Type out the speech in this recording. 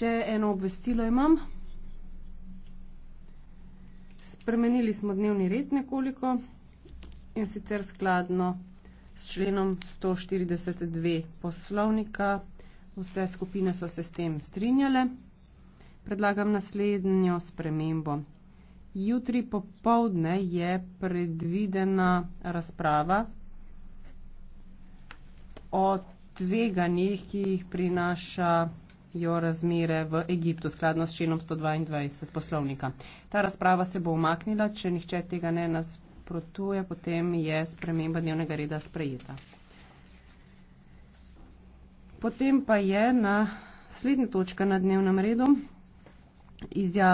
še eno obvestilo imam. Spremenili smo dnevni red nekoliko in sicer skladno s členom 142 poslovnika. Vse skupine so se s tem strinjale. Predlagam naslednjo spremembo. Jutri popovdne je predvidena razprava o tveganjih, ki jih prinaša jo razmire v Egiptu skladno s činom 122 poslovnika. Ta razprava se bo umaknila, če nihče tega ne nasprotuje, potem je sprememba dnevnega reda sprejeta. Potem pa je na slednja točka na dnevnem redu izjava.